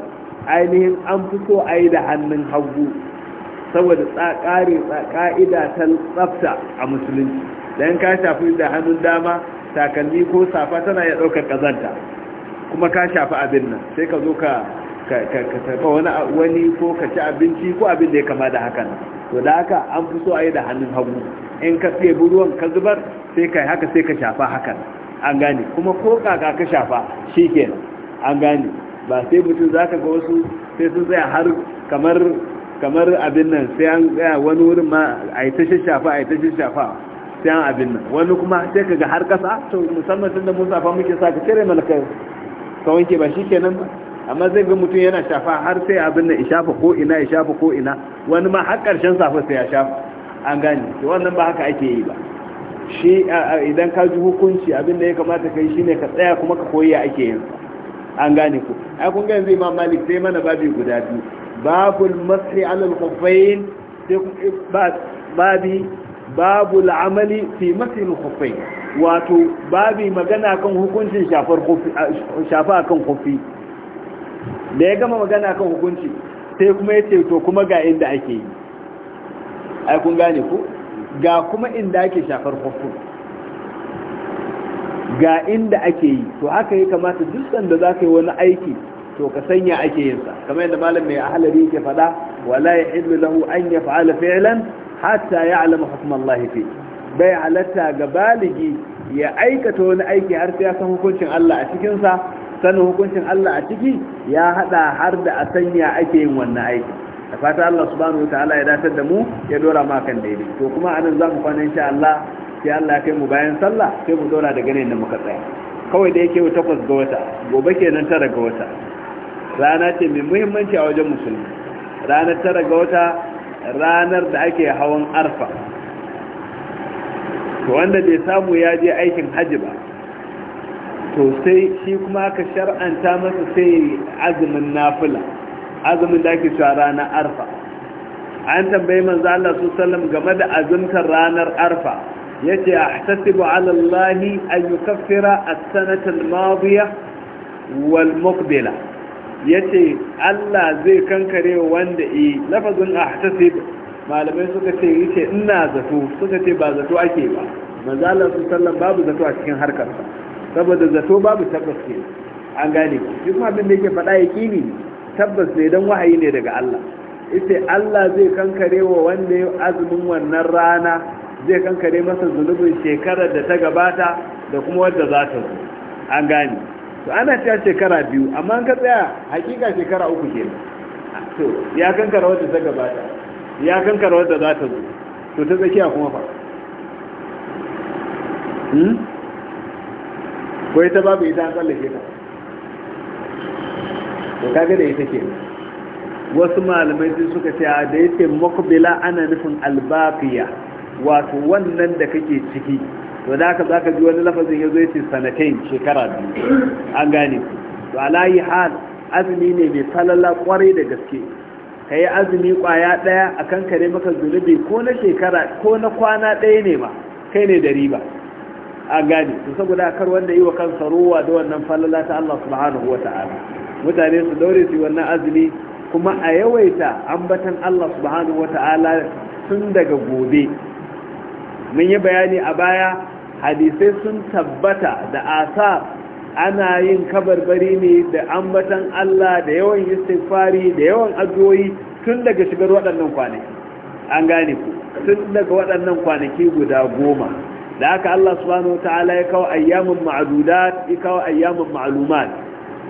ainihin an fi a yi da hannun hagu saboda tsakari ka'ida ta tsafta a musulunci don ka shafi da hannun dama takalmi ko safa tana ya ɗaukar ƙazanta kuma ka shafi abin nan sai ka zo ka ka taɓa wani wani ko ka ci abinci ko abin da ya kama da hakan to da haka an fi so a yi da hannun hagu in ka tsaye ruwan ka zubar sai ka yi haka sai ka shafa hakan an gane kuma ko kaka ka shafa shi kenan an gane ba sai mutum za ka ga wasu sai sun tsaya har kamar kamar abin nan sai an tsaya wani wurin ma a yi ta shafa a yi ta shafa sai an abin nan wani kuma sai ka ga har kasa to musamman tunda musa fa muke sa ka cire mana kai ka wanke ba shi kenan ba amma zai ga mutum yana shafa har sai abin da ya shafa ko ina ya shafa ko ina wani ma har karshen safa sai ya shafa an gane to wannan ba haka ake yi ba shi idan ka ji hukunci abin da ya kamata kai shine ka tsaya kuma ka koyi ya ake yin an gane ku ai kun ga yanzu imam malik sai mana babu guda biyu babul masri al khuffain sai eh, babi babul amali fi masri al khuffain wato babi magana kan hukuncin shafar khuffi shafa kan khuffi da ya gama magana kan hukunci sai kuma ya ce to kuma ga inda ake yi ai kun gane ku ga kuma inda ake shafar hukun ga inda ake yi to haka ya kamata duk sanda za ka yi wani aiki to ka sanya ake yinsa. sa kamar yadda malam mai ahalari yake faɗa wala ya yahillu lahu an yaf'ala fi'lan hatta ya hukm Allah fi bai halatta ga baligi ya aikata wani aiki har sai ya san hukuncin Allah a cikinsa. sanin hukuncin Allah a ciki ya hada har da a sanya ake yin wannan aiki da fata Allah subhanahu wa ta'ala ya datar da mu ya dora ma kan daidai to kuma nan za mu kwana insha Allah sai Allah ya kai mu bayan sallah sai mu dora da ganin da muka tsaya kawai da yake takwas ga wata gobe kenan tara ga wata rana ce mai muhimmanci a wajen musulmi ranar tara ga wata ranar da ake hawan arfa to wanda bai samu ya je aikin hajji ba to sai shi kuma aka shar'anta masa sai azumin nafila azumin da ake cewa ranar arfa an tambayi manzo Allah su sallam game da azumtar ranar arfa yace ahtasibu ala Allah an yukaffira as-sanata al-madiya wal muqbila yace Allah zai kankare wanda yi lafazin ahtasib malamai suka ce yace ina zato suka ce ba zato ake ba manzo Allah su sallam babu zato a cikin harkarsa saboda zato babu tabbas ke an gane shi kuma abin da yake faɗa ya kini tabbas ne don wahayi ne daga Allah ita Allah zai kankare wa wanda ya azumin wannan rana zai kankare masa zunubin shekarar da ta gabata da kuma wadda za ta zo an gane to ana cewa shekara biyu amma an ka tsaya hakika shekara uku ke to ya kankara wadda ta gabata ya kankara wadda za ta zo to ta tsakiya kuma fa hmm? ko ita babu ita an tsallake ta to kaga da ita ke wasu malamai sun suka ce da yake makubila ana nufin albafiya wato wannan da kake ciki to da za ka ji wani lafazin yazo ce sanatai shekara biyu an gane to alayi hal azumi ne mai falala kwarai da gaske ka yi azumi kwaya ɗaya a kan kare maka zunubi ko na shekara ko na kwana ɗaya ne ba kai ne da riba an gane to saboda kar wanda yi wa kansa ruwa da wannan falala ta Allah subhanahu wa ta'ala mutane su daure su wannan azumi kuma a yawaita ambatan Allah subhanahu wa ta'ala tun daga gobe mun yi bayani a baya hadisai sun tabbata da asa ana yin kabarbari ne da ambatan Allah da yawan istighfari da yawan addu'o'i tun daga shigar waɗannan kwanaki an gane ku tun daga waɗannan kwanaki guda goma da haka Allah subhanahu ta'ala ya kawo ayyamin ma'adudat ya kawo ayyamin ma'alumat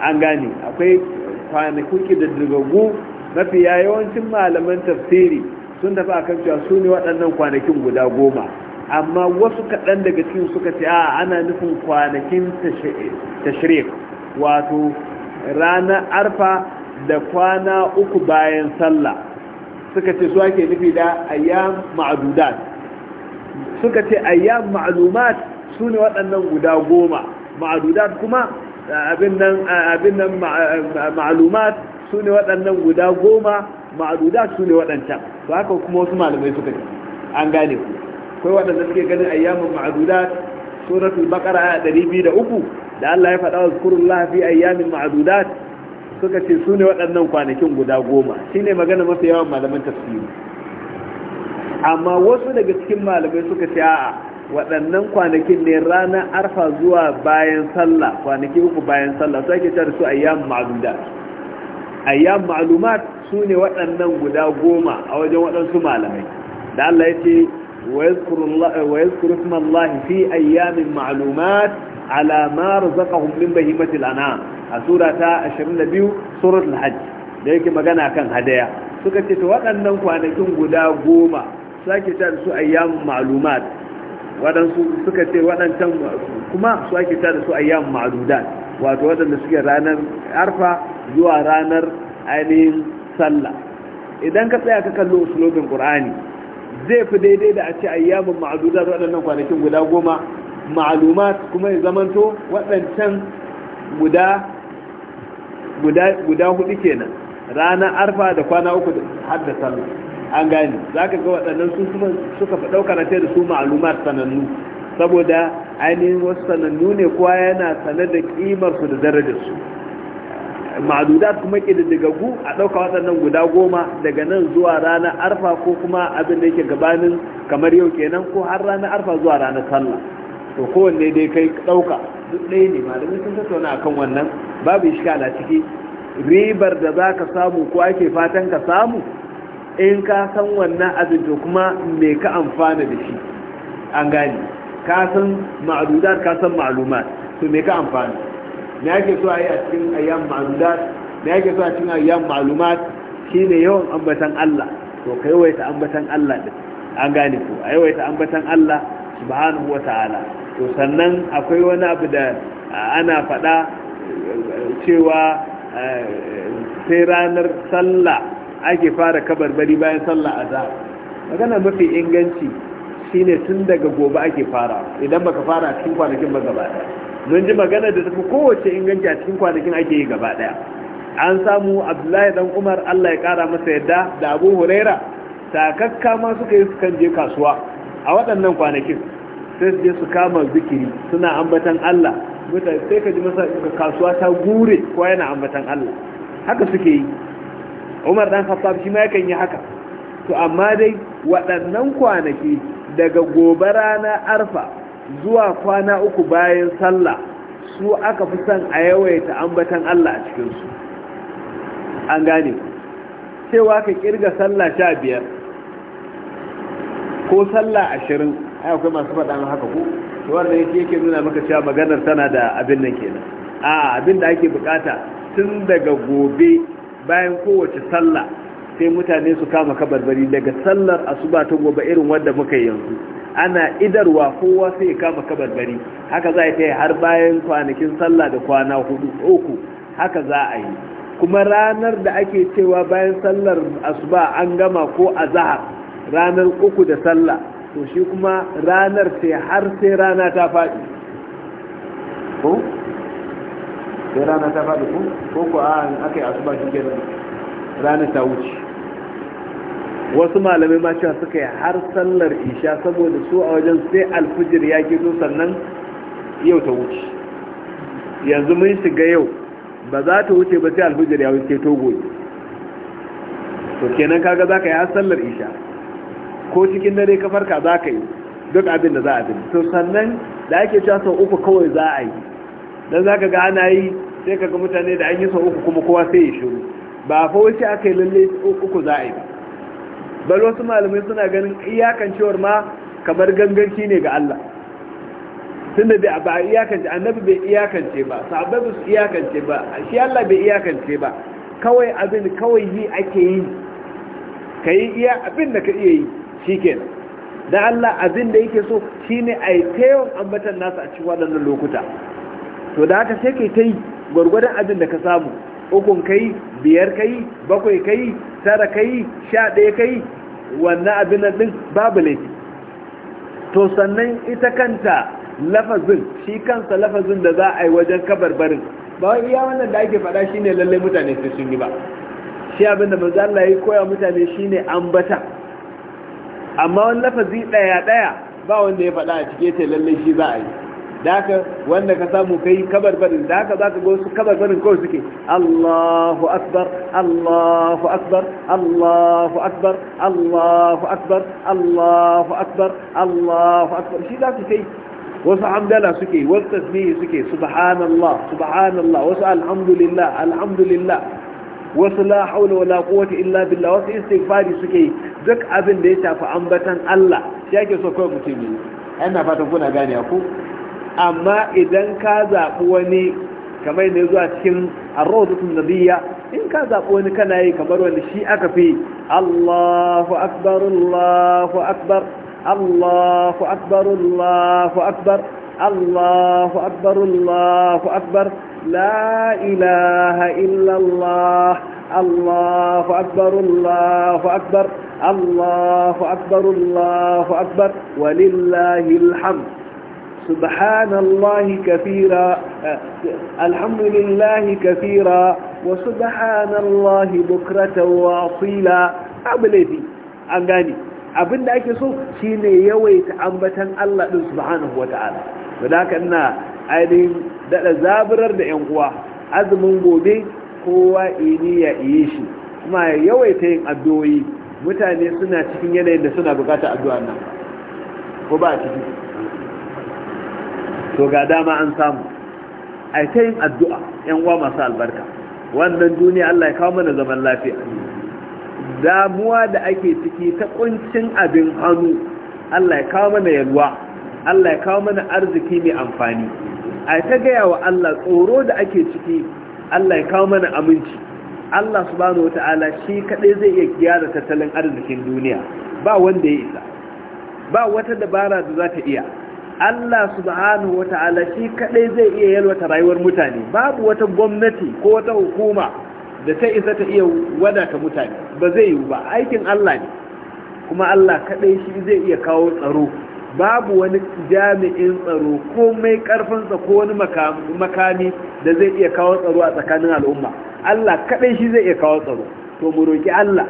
an gane akwai kwanakin kididdigaggu mafi yawancin malaman tafsiri sun tafi akan cewa su ne waɗannan kwanakin guda goma amma wasu kaɗan daga cikin suka ce a ana nufin kwanakin tashrik wato rana arfa da kwana uku bayan sallah suka ce su ake nufi da ayyam ma'adudat suka ce ayyam ma'lumat su ne waɗannan guda goma ma'adudat kuma abin nan ma'lumat su ne waɗannan guda goma ma'adudat su ne waɗancan ba haka kuma wasu malamai suka ce an gane ku kai waɗanda suke ganin ayyamin ma'adudat suratul baqara aya 203 da Allah ya faɗa wa zikrullah fi ayyamin ma'adudat suka ce su ne waɗannan kwanakin guda goma shine magana mafi yawan malaman tafsiri amma wasu daga cikin malamai suka ce a waɗannan kwanakin ne ranar arfa zuwa bayan sallah kwanaki uku bayan sallah su ake tare su ayyam ma'lumat ayyam ma'lumat su ne waɗannan guda goma a wajen waɗansu malamai da Allah ya ce wa fi ayyamin ma'lumat ala ma razaqahum min bahimatil an'am a sura ta 22 suratul hajj da yake magana kan hadaya suka ce to waɗannan kwanakin guda goma sake ta da su ayyamun ma'lumat waɗansu suka ce waɗancan kuma su ake ta da su ayyamun ma'ludat wato waɗanda suke ranar arfa zuwa ranar ainihin sallah idan ka tsaya ka kallo usulobin qur'ani zai fi daidai da a ce ayyamun ma'ludat waɗannan kwanakin guda goma ma'lumat kuma ya zamanto waɗancan guda guda guda hudu kenan ranar arfa da kwana uku har da sallah an gane za ka ga waɗannan su suka fi ɗaukar ta da su ma'aluma sanannu saboda ainihin wasu sanannu ne kuwa yana sanar da ƙimarsu da darajarsu ma'adudat kuma ƙididdigaggu a ɗauka waɗannan guda goma daga nan zuwa ranar arfa ko kuma abin da yake gabanin kamar yau kenan ko har ranar arfa zuwa ranar sallah to kowanne dai kai ɗauka duk ɗaya ne malamin sun tattauna akan wannan babu ishkala ciki ribar da za ka samu ko ake fatan ka samu in ka san wannan abin to kuma me ka amfana da shi an gane ka san ma'adudar, ka san ma'lumat to me ka amfana me yake so a yi a cikin ayyam ma'adudar? me yake so a cikin ayyam Shi ne yawan ambatan Allah to ka yawaita ambatan Allah din an gane ko a yawaita ambatan Allah subhanahu wa ta'ala. to sannan akwai wani abu da ana faɗa eh, cewa eh, sai ranar sallah ake fara kabar bari bayan sallah azhar magana mafi inganci shine tun daga gobe ake fara idan baka fara cikin kwanakin ba gaba daya mun ji magana da tafi kowace inganci a cikin kwanakin ake yi gaba daya an samu abdullahi dan umar allah ya kara masa yadda da abu huraira takakka ma suka yi sukan je kasuwa a waɗannan kwanakin sai su je su kama zikiri suna ambatan allah mutane sai ka ji masa kasuwa ta gure ko yana ambatan allah haka suke yi umar dan khattab shi ma yakan yi haka to amma dai waɗannan kwanaki daga gobe rana arfa zuwa kwana uku bayan sallah su aka fi son a yawaita ambatan Allah a cikinsu an gane cewa ka kirga sallah sha biyar ko sallah ashirin ai akwai masu faɗa haka ko wannan yake yake nuna maka cewa maganar tana da abin nan kenan a abin da ake bukata tun daga gobe bayan kowace sallah sai mutane su kama kabarbari daga sallar asuba ta gobe irin wanda muka yanzu ana idarwa kowa sai kama kabarbari haka za a yi har bayan kwanakin sallah da kwana hudu uku haka za a yi kuma ranar da ake cewa bayan sallar asuba an gama ko a zahar ranar uku da sallah to shi kuma ranar sai har sai rana ta faɗi sai rana ta faɗi ku ko ku a aka yi asuba shi kenan rana ta wuce wasu malamai ma cewa suka yi har sallar isha saboda su a wajen sai alfijir ya gizo sannan yau ta wuce yanzu mun shiga yau ba za ta wuce ba sai alfijir ya wuce to gobe to kenan kaga za ka yi har sallar isha ko cikin dare ka farka za ka yi duk abin da za a bin to sannan da ake cewa sau uku kawai za a yi dan za ka ga ana yi sai kaga mutane da an yi sau uku kuma kowa sai ya shiru ba fa shi aka yi lalle uku za a yi bal wasu malamai suna ganin iyakancewar ma kamar ganganci ne ga Allah tunda da ba a iyakance annabi bai iyakance ba sahabbai ba su iyakance ba shi Allah bai iyakance ba kawai abin kawai yi ake yi ka yi iya abin da ka iya yi shi da Allah abin da yake so ne a yi ta yawan ambatan nasa a cikin waɗannan lokuta to da haka sai yi ta yi gwargwadon abin da ka samu ukun kai biyar kai bakwai kai tara kai sha ɗaya kai wannan abin nan ɗin babu laifi to sannan ita kanta lafazin shi kansa lafazin da za a yi wajen kabarbarin ba wani iya wannan da ake faɗa ne lallai mutane sai sun yi ba shi abin da maza Allah ya koya mutane shi ne ambata amma wani lafazi ɗaya ɗaya ba wanda ya faɗa a cike ta lallai shi za a yi da haka wanda ka samu kai kabar kabarbarin da haka za ka ga wasu kabarbarin kawai suke Allahu akbar Allahu akbar Allahu akbar Allahu akbar Allahu akbar Allahu akbar shi za su kai wasu hamdala suke wasu tasbihi suke subhanallah subhanallah wasu alhamdulillah alhamdulillah wasu la haula wala quwwata illa billah wasu istighfari suke duk abin da ya tafi ambatan Allah shi yake so kawai mutum ne ana fatan kuna gane ku amma idan ka zaɓi wani kamar ne zuwa cikin arrozutun nabiya in ka zaɓi wani kana yi kamar wani shi aka fi allahu akbar allahu akbar allahu akbar allahu akbar allahu akbar allahu akbar la ilaha illallah allahu akbar allahu akbar allahu akbar allahu akbar walillahil hamd سبحان الله كثيرا الحمد لله كثيرا وسبحان الله بكرة وأصيلا أبلدي أغاني abin da ake so shine yawaita ambatan Allah din subhanahu wata'ala da haka ina ainihin dada zaburar da yan uwa azumin gobe kowa ini ya iye shi kuma yawaita yin addu'o'i mutane suna cikin yanayin da suna bukata addu'a nan ko ba a to ga dama an samu ai ta yin addu'a yan uwa masu albarka wannan duniya Allah ya kawo mana zaman lafiya damuwa da ake ciki ta kuncin abin hannu Allah ya kawo mana yalwa Allah ya kawo mana arziki mai amfani ai ta gaya wa Allah tsoro da ake ciki Allah ya kawo mana aminci Allah subhanahu wata'ala shi kaɗai zai iya gyara tattalin arzikin duniya ba wanda ya isa ba wata dabara da za ta iya Allah subhanahu wata'ala shi kadai zai iya yalwata rayuwar mutane babu wata gwamnati ko wata hukuma da ta isa ta iya wadata mutane ba zai yi ba aikin Allah ne kuma Allah kadai shi zai iya kawo tsaro babu wani jami'in tsaro ko mai sa ko wani makami da zai iya kawo tsaro a tsakanin al'umma Allah kadai shi zai iya kawo tsaro to mu roki Allah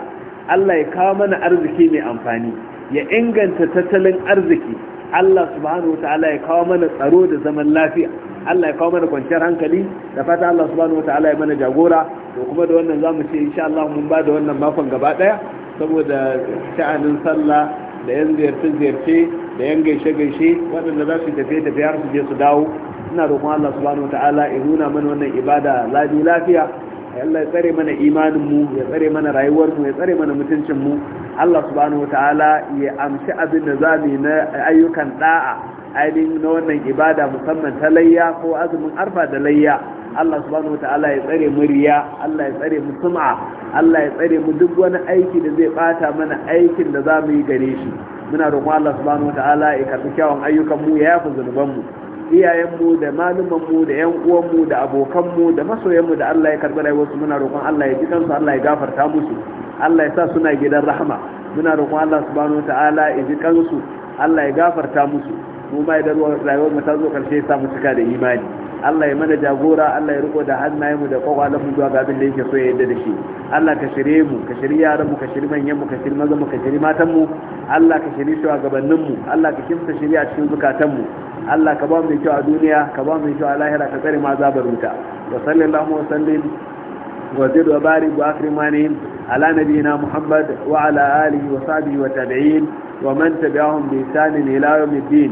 Allah ya kawo mana arziki mai amfani ya inganta tattalin arziki Allah subhanahu wa ta'ala ya kawo mana tsaro da zaman lafiya Allah ya kawo mana kwanciyar hankali da fata Allah subhanahu wa ta'ala ya mana jagora to kuma da wannan zamu ce insha Allah mun ba da wannan makon gaba daya saboda sha'anin sallah da yan ziyarce ziyarce da yan gaishe gaishe waɗanda za su tafiye tafiye har su je su dawo ina roƙon Allah subhanahu wa ta'ala ya nuna mana wannan ibada ladi lafiya Allah ya tsare mana imanin mu ya tsare mana rayuwar mu ya tsare mana mutuncin mu Allah subhanahu wataala ya amshi abin da za mu na ayyukan da'a ainihin na wannan ibada musamman ta layya ko azumin arfa da layya Allah subhanahu wataala ya tsare mu riya Allah ya tsare mu sum'a Allah ya tsare mu duk wani aiki da zai bata mana aikin da za mu yi gare shi muna roƙon Allah subhanahu wataala ya karɓi kyawun ayyukan mu ya yafi zunuban iyayenmu da malumanmu da yan uwanmu da abokanmu da masoyanmu da Allah ya karɓi rayuwarsu muna roƙon Allah ya ji kansu Allah ya gafarta musu Allah ya sa suna gidan rahama muna roƙon Allah subhanahu wataala ya ji kansu Allah ya gafarta musu mu ma da idan rayuwar mu ta zo karshe sa mu cika da imani Allah ya mana jagora Allah ya riko da hannayen mu da kwakwalen mu zuwa ga abin da yake so ya yadda da shi Allah ka shirye mu ka shirye yaran mu ka shirye manyan mu ka shirye mazan mu ka shirye matan mu Allah ka shirye shugabannin mu Allah ka kimsa shirye a cikin zukatan mu Allah ka ba mu kyau a duniya ka ba mu kyau a lahira ka tsare ma zabar wuta wa sallallahu wa sallim wa zid wa barik wa akrimani ala nabiyyina muhammad wa ala alihi wa sahbihi wa tabi'in ومن تبعهم بإحسان إلى يوم الدين